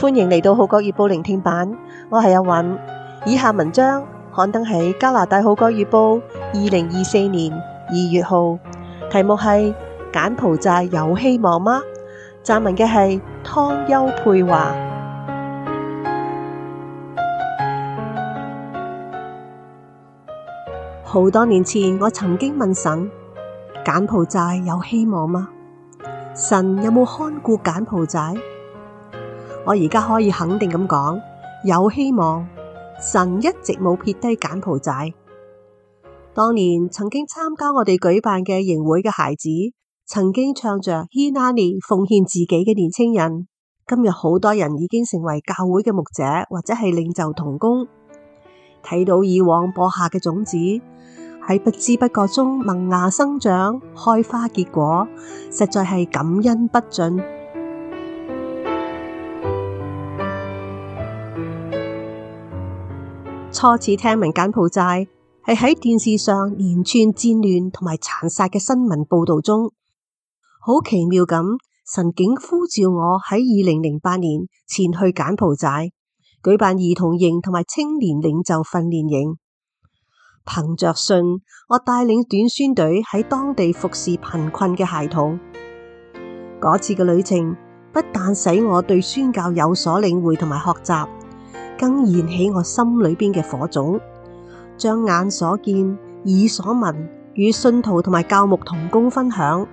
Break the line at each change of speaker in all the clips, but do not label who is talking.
歡迎嚟到《號角月報》聆聽版，我係阿允。以下文章刊登喺加拿大《號角月報》二零二四年二月號，題目係《柬埔寨有希望嗎》。撰文嘅係湯優佩華。好多年前，我曾經問神：柬埔寨有希望嗎？神有冇看顧柬埔寨？我而家可以肯定咁講，有希望。神一直冇撇低柬埔寨。當年曾經參加我哋舉辦嘅營會嘅孩子，曾經唱着 Hineni 奉獻自己嘅年輕人，今日好多人已經成為教會嘅牧者或者係領袖同工。睇到以往播下嘅種子喺不知不覺中萌芽生長、開花結果，實在係感恩不盡。初次聽聞柬埔寨係喺電視上連串戰亂同埋殘殺嘅新聞報道中，好奇妙咁神竟呼召我喺二零零八年前去柬埔寨舉辦兒童營同埋青年領袖訓練營。憑着信，我帶領短宣隊喺當地服侍貧困嘅孩童。嗰次嘅旅程不但使我對宣教有所領會同埋學習。更燃起我心裏邊嘅火種，將眼所見、耳所聞，與信徒同埋教牧同工分享，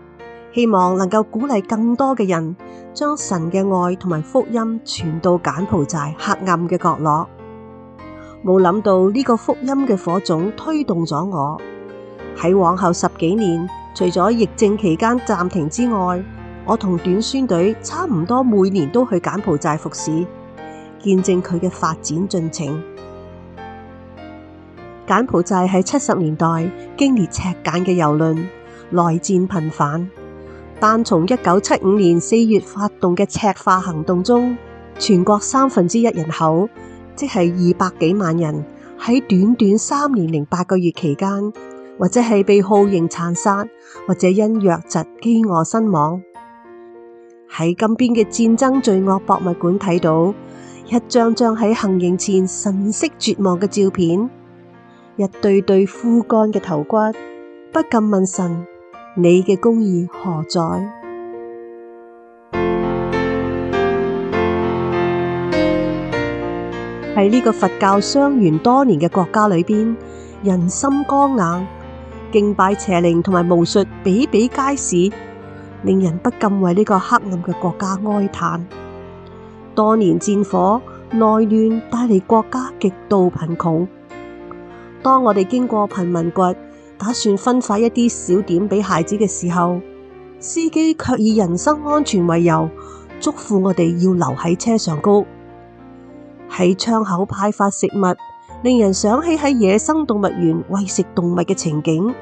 希望能夠鼓勵更多嘅人，將神嘅愛同埋福音傳到柬埔寨黑暗嘅角落。冇諗到呢個福音嘅火種推動咗我。喺往後十幾年，除咗疫症期間暫停之外，我同短宣隊差唔多每年都去柬埔寨服侍。見證佢嘅發展進程。柬埔寨喺七十年代經歷赤柬嘅蹂躪，內戰頻繁。但從一九七五年四月發動嘅赤化行動中，全國三分之一人口，即係二百幾萬人，喺短短三年零八個月期間，或者係被酷刑殘殺，或者因瘧疾、飢餓身亡。喺金邊嘅戰爭罪惡博物館睇到。一張張喺行刑前神色絕望嘅照片，一對對枯乾嘅頭骨，不禁問神：你嘅公義何在？喺呢 個佛教相沿多年嘅國家裏邊，人心剛硬，敬拜邪靈同埋巫術比比皆是，令人不禁為呢個黑暗嘅國家哀嘆。多年戰火內亂帶嚟國家極度貧窮。當我哋經過貧民窟，打算分發一啲小點俾孩子嘅時候，司機卻以人身安全為由，囑咐我哋要留喺車上高，喺窗口派發食物，令人想起喺野生動物園餵食動物嘅情景。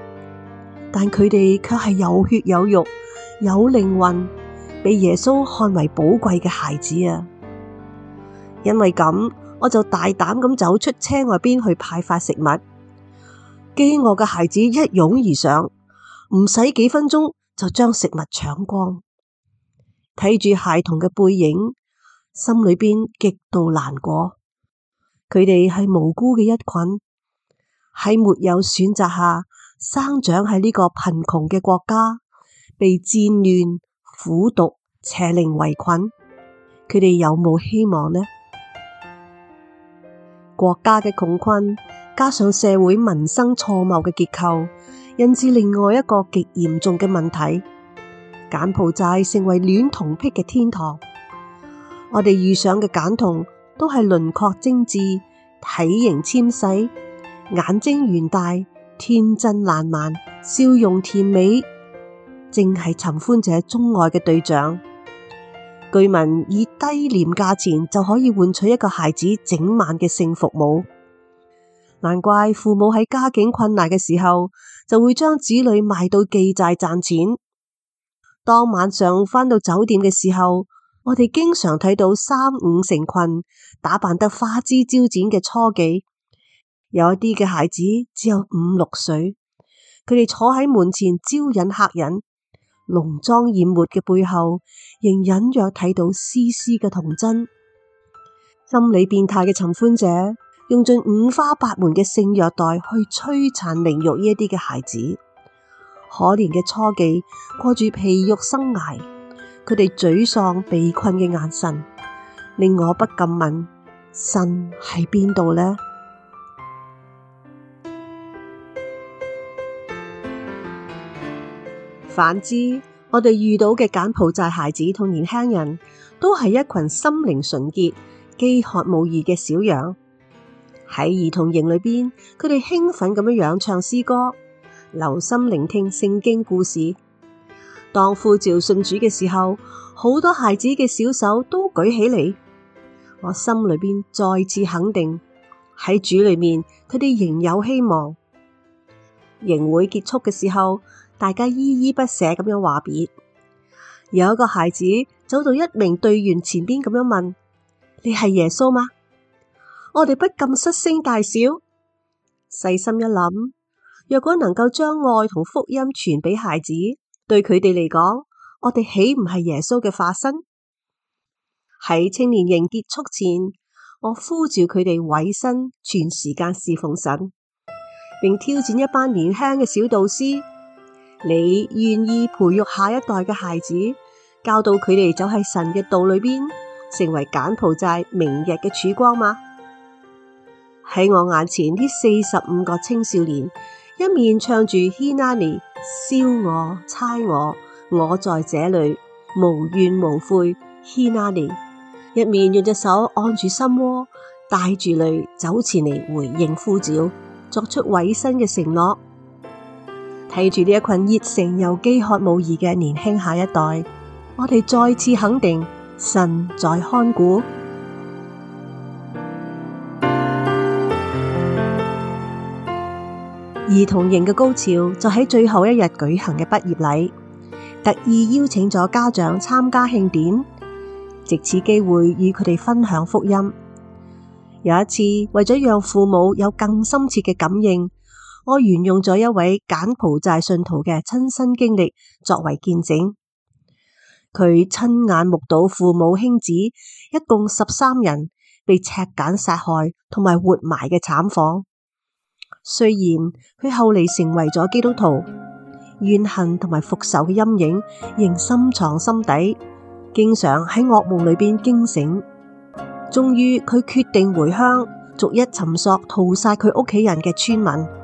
但佢哋卻係有血有肉有靈魂，被耶穌看為寶貴嘅孩子啊！因為咁，我就大膽咁走出車外邊去派發食物。飢餓嘅孩子一擁而上，唔使幾分鐘就將食物搶光。睇住孩童嘅背影，心裏邊極度難過。佢哋係無辜嘅一群，喺沒有選擇下生長喺呢個貧窮嘅國家，被戰亂、苦毒、邪靈圍困。佢哋有冇希望呢？國家嘅窮困，加上社會民生錯謬嘅結構，引致另外一個極嚴重嘅問題：柬埔寨成為戀童癖嘅天堂。我哋遇上嘅柬童都係輪廓精致、體型纖細、眼睛圓大、天真爛漫、笑容甜美，正係尋歡者鍾愛嘅對象。據聞以低廉價錢就可以換取一個孩子整晚嘅性服務，難怪父母喺家境困難嘅時候就會將子女賣到妓寨賺錢。當晚上返到酒店嘅時候，我哋經常睇到三五成群打扮得花枝招展嘅雛妓，有一啲嘅孩子只有五六歲，佢哋坐喺門前招引客人。濃妝艷抹嘅背後，仍隱約睇到絲絲嘅童真。心理變態嘅尋歡者，用盡五花八門嘅性虐待去摧殘凌辱呢一啲嘅孩子。可憐嘅雛妓，過住皮肉生涯，佢哋沮喪被困嘅眼神，令我不禁問：神喺邊度呢？反之，我哋遇到嘅柬埔寨孩子同年輕人都係一群心靈純潔、飢渴慕義嘅小羊。喺兒童營裏邊，佢哋興奮咁樣樣唱詩歌，留心聆聽聖經故事。當呼召信主嘅時候，好多孩子嘅小手都舉起嚟。我心裏邊再次肯定，喺主裏面，佢哋仍有希望。營會結束嘅時候，大家依依不捨咁樣話別。有一個孩子走到一名隊員前邊咁樣問，你係耶穌嗎？我哋不禁失聲大笑。細心一諗，若果能夠將愛同福音傳俾孩子，對佢哋嚟講，我哋豈唔係耶穌嘅化身？喺青年營結束前，我呼召佢哋委身全時間侍奉神，並挑戰一班年輕嘅小導師。你願意培育下一代嘅孩子，教導佢哋走喺神嘅道裏邊，成為柬埔寨明日嘅曙光嗎？喺我眼前，呢四十五個青少年一面唱住《Hineni》，燒我猜我，我在這裏無怨無悔。Hineni，一面用隻手按住心窩，帶住淚走前嚟回應呼召，作出委身嘅承諾。睇住呢一群熱誠又飢渴慕義嘅年輕下一代，我哋再次肯定神在看顧。兒童營嘅高潮就喺最後一日舉行嘅畢業禮，特意邀請咗家長參加慶典，借此機會與佢哋分享福音。有一次，為咗讓父母有更深切嘅感應。我沿用咗一位柬埔寨信徒嘅親身經歷作為見證，佢親眼目睹父母兄子一共十三人被赤柬殺害同埋活埋嘅慘況。雖然佢後嚟成為咗基督徒，怨恨同埋復仇嘅陰影仍深藏心底，經常喺噩夢裏邊驚醒。終於，佢決定回鄉，逐一尋索屠殺佢屋企人嘅村民。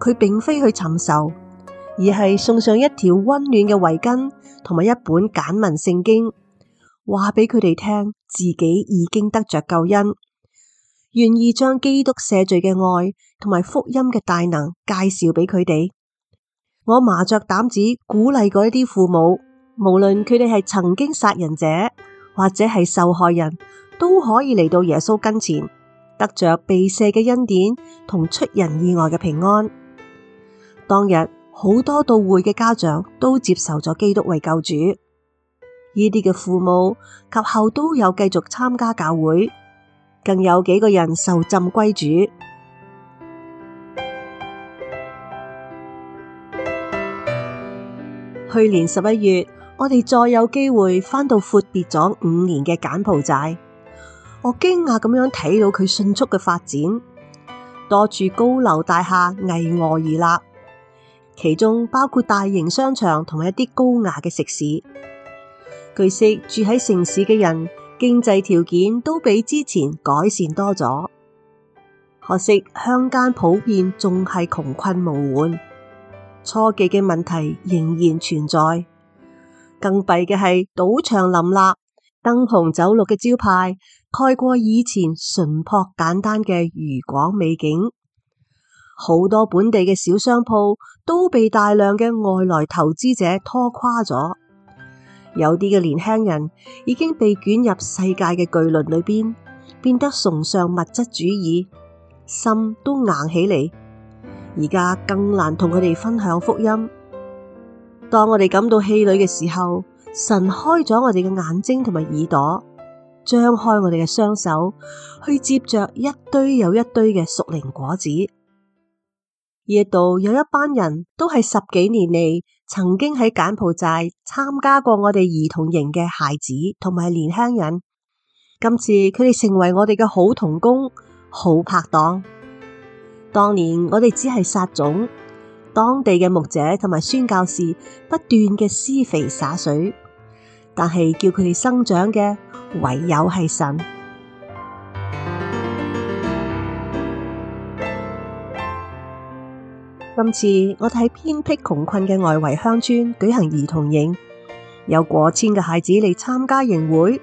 佢並非去尋仇，而係送上一條溫暖嘅圍巾，同埋一本柬文聖經，話俾佢哋聽自己已經得着救恩，願意將基督赦罪嘅愛同埋福音嘅大能介紹俾佢哋。我麻著膽子鼓勵過一啲父母，無論佢哋係曾經殺人者或者係受害人，都可以嚟到耶穌跟前，得着被赦嘅恩典同出人意外嘅平安。當日好多到會嘅家長都接受咗基督為救主，呢啲嘅父母及後都有繼續參加教會，更有幾個人受浸歸主。 去年十一月，我哋再有機會翻到闊別咗五年嘅柬埔寨，我驚訝咁樣睇到佢迅速嘅發展，多處高樓大廈巍峨而立。其中包括大型商場同一啲高雅嘅食肆。據悉住喺城市嘅人經濟條件都比之前改善多咗，可惜鄉間普遍仲係窮困無援，雛妓嘅問題仍然存在。更弊嘅係賭場林立、燈紅酒綠嘅招牌蓋過以前純樸簡單嘅漁港美景。好多本地嘅小商鋪都被大量嘅外來投資者拖垮咗，有啲嘅年輕人已經被捲入世界嘅巨輪裏邊，變得崇尚物質主義，心都硬起嚟。而家更難同佢哋分享福音。當我哋感到氣餒嘅時候，神開咗我哋嘅眼睛同埋耳朵，張開我哋嘅雙手，去接着一堆又一堆嘅屬靈果子。夜度，有一班人都係十幾年嚟曾經喺柬埔寨參加過我哋兒童營嘅孩子同埋年輕人，今次佢哋成為我哋嘅好同工、好拍檔。當年我哋只係撒種，當地嘅牧者同埋宣教士不斷嘅施肥灑水，但係叫佢哋生長嘅唯有係神。今次我哋喺偏僻窮困嘅外圍鄉村舉行兒童營，有過千嘅孩子嚟參加營會。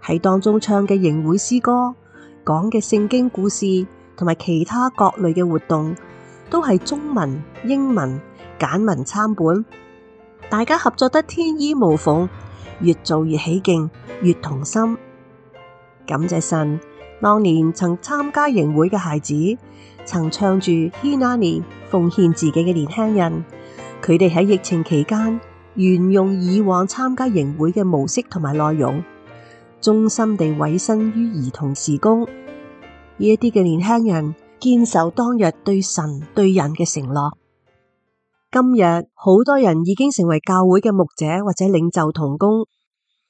喺當中唱嘅營會詩歌、講嘅聖經故事同埋其他各類嘅活動，都係中文、英文、簡文參本，大家合作得天衣無縫，越做越起勁，越同心。感謝神，當年曾參加營會嘅孩子，曾唱住 Hineni。奉獻自己嘅年輕人，佢哋喺疫情期間沿用以往參加營會嘅模式同埋內容，忠心地委身於兒童事工。呢一啲嘅年輕人堅守當日對神對人嘅承諾。今日好多人已經成為教會嘅牧者或者領袖同工，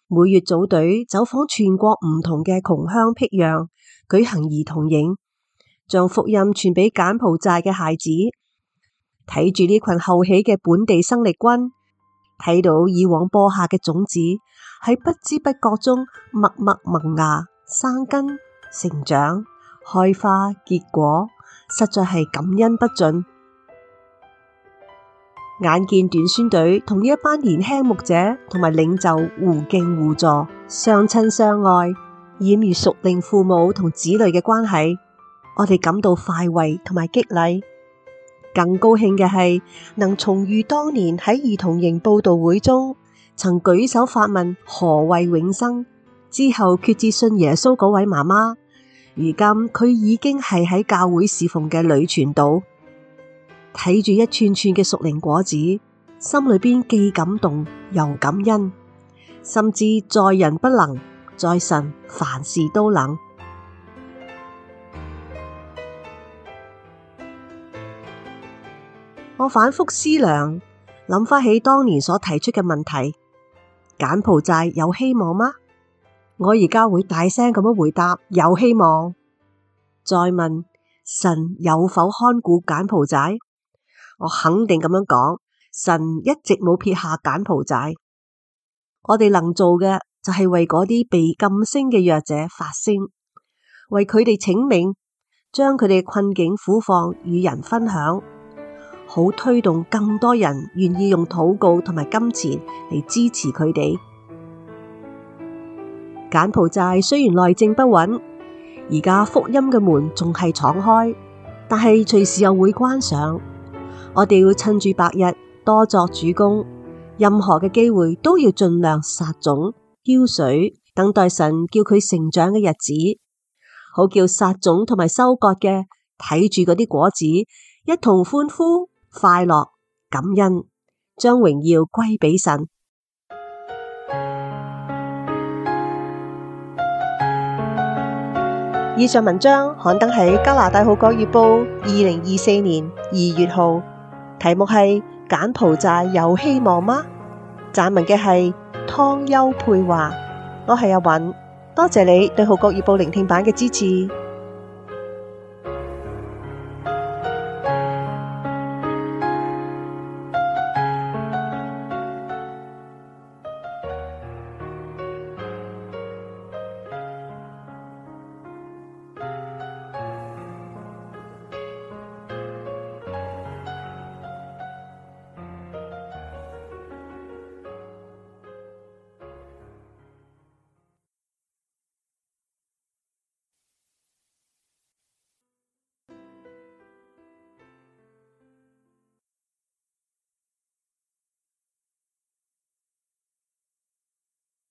每月組隊走訪全國唔同嘅窮鄉僻壤，舉行兒童營，將福音傳俾柬埔寨嘅孩子。睇住呢群後起嘅本地生力軍，睇到以往播下嘅種子喺不知不覺中默默萌芽、芽、生根、成長、開花、結果，實在係感恩不盡。眼見短宣隊同一班年輕牧者同埋領袖互敬互助、相親相愛，儼如熟齡父母同子女嘅關係，我哋感到快慰同埋激勵。更高興嘅係，能重遇當年喺兒童營佈道會中，曾舉手發問何謂永生之後決志信耶穌嗰位媽媽，如今佢已經係喺教會侍奉嘅女傳道，睇住一串串嘅屬靈果子，心裡邊既感動又感恩，甚至在人不能，在神凡事都能。我反覆思量，諗翻起當年所提出嘅問題：柬埔寨有希望嗎？我而家會大聲咁樣回答：有希望。再問神有否看顧柬埔寨？我肯定咁樣講：神一直冇撇下柬埔寨。我哋能做嘅就係為嗰啲被禁聲嘅弱者發聲，為佢哋請命，將佢哋困境苦況與人分享。好推動更多人願意用禱告同埋金錢嚟支持佢哋。柬埔寨雖然內政不穩，而家福音嘅門仲係敞開，但係隨時又會關上。我哋要趁住白日多作主工，任何嘅機會都要盡量撒種、澆水，等待神叫佢成長嘅日子。好叫撒種同埋收割嘅睇住嗰啲果子，一同歡呼。快樂感恩，將榮耀歸俾神。以上文章刊登喺加拿大《號角月報》二零二四年二月號，題目係《柬埔寨有希望嗎》。撰文嘅係湯優佩華。我係阿韻，多謝你對《號角月報》聆聽版嘅支持。